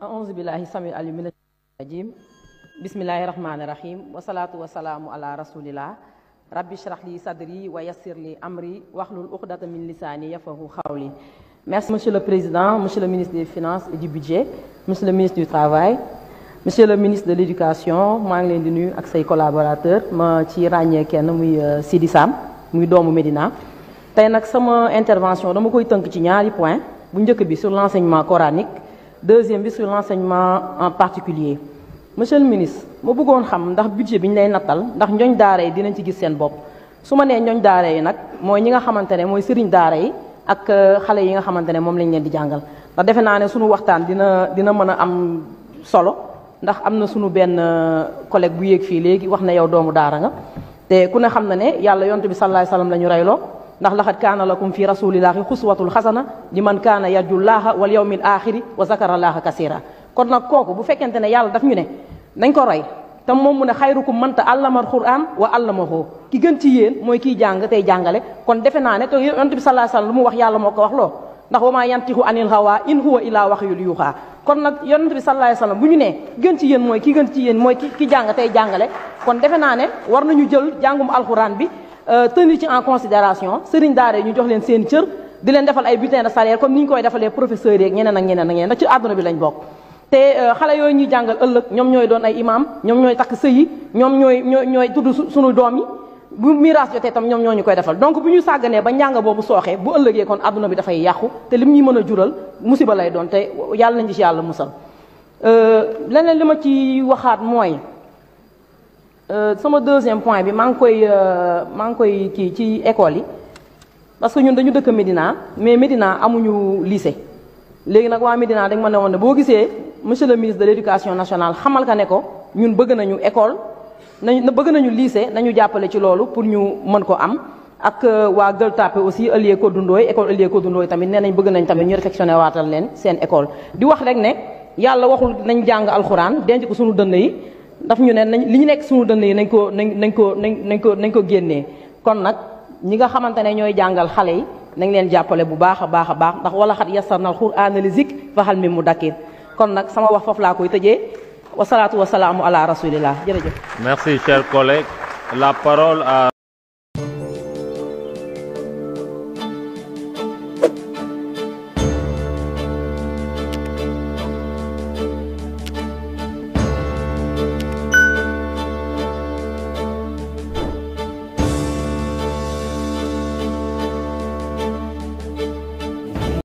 auzu billahi sami ali mina rajim bismillahi rahmani rahim wasalaatu wasalaamu ala rasulillah rabbi shrah li sadri wa yassir li amri wahlul uqdata min lisani yafahu xawli merci monsieur le président monsieur le ministre des finance et du budget monsieur le ministre du travail monsieur le ministre de l'éducation maa ngi leen di nuyu ak say collaborateurs ma ci ràññee kenn muy euh, Sidi muy doomu Médina tey nag sama intervention dama koy tënk ci ñaari point bu njëkk bi sur l'enseignement coranique deuxième bi sur l'enseignement en particulier monsieur le ministre ma bëggoon xam ndax budget bi ñu lay nattal ndax ñooñ daara yi dinañ ci gis seen bopp su ma nee ñooñ daara yi nag mooy ñi nga xamante ne mooy sëriñ daara yi ak euh, xale yi nga xamante ne moom lañ leen di jàngal ndax defe naa ne suñu waxtaan dina dina mën a am solo ndax am na suñu benn euh, collègue bu yéeg fii léegi wax na yow doomu daara nga te ku ne xam na ne yàlla yontu bi sallallahu alayhi wasallam la ñu reyloo ndax laxat kaana la lakum fi rasulillahi xuswatul xasana li man kaana yarjullaaha wal yawmil axiri wa zakarallaaha kasira kon nag kooku bu fekkente ne yàlla daf ñu ne nañ ko roy te moom mu ne xayrukum manta allamal quran wa ma allamahu ki gën ci yéen mooy kii jàng tey jàngale kon defe naa ne te yonent bi sallallahu alayhi wasallam mu wax yàlla moo ko wax loo ndax wa maa yantiqu anil hawa in wa illaa wahyun yuuhaa kon nag yonent bi sallallahu alayhi wasallam bu ñu nee gën ci yéen mooy ki gën ci yéen mooy ki ki jàng tey jàngale kon defe naa ne war nañu jël jàngum alquran bi Euh, tenu ci en considération sëriñ daara yi ñu jox leen seen cër di leen defal ay bulletin de salaire comme ni ñu koy defalee professeurs yeeg ñeneen ak ñeneen ak ñeneen ndax ci àdduna bi lañ bokk te euh, xale yooyu ñuy jàngal ëllëg ñoom ñooy doon ay imaam ñoom ñooy takk sëy yi ñoom ñooy ñooy ñooy tudd suñu doom yi bu miraas jotee tam ñoom ñoo ñu koy defal donc bu ñu sàgganee ba njàng boobu sooxee bu ëllëgee kon àdduna bi dafay yàqu te lim ñuy mën a jural musiba lay doon te yàlla nañ ci yàlla musal euh, leneen li ma ci waxaat mooy Euh, sama deuxième point bi maa ngi koy euh, maa ngi koy kii ci école yi parce que ñun dañu dëkk Médina mais Médina amuñu lycée léegi nag waa Médina dañ ma ne woon ne boo gisee monsieur le ministre de éducation nationale xamal ka ne ko ñun bëgg nañu école nañu bëgg nañu lycée nañu jàppale ci loolu pour ñu mën ko am ak euh, waa Gueule Tapée aussi Elyé Codou Ndoye école Elyé Codou Ndoye tamit nee nañ bëgg nañ tamit ñu réfectionné waatal leen seen école di wax rek ne yàlla waxul nañ jàng alxuraan denc ko suñu dënn yi daf ñu ne nañ li ñu nekk suñu dënn yi nañ ko nañ nañ ko nañ nañ ko nañ ko génnee kon nag ñi nga xamante ne ñooy jàngal xale yi nañ leen jàppale bu baax a baax a baax ndax wala xat yasarnal qur'aana li zikr faxal mi mu dakkir kon nag sama wax foofu laa koy tëjee wasalaatu wasalaamu ala rasulillah jërëjëf merci cher collègue la parole à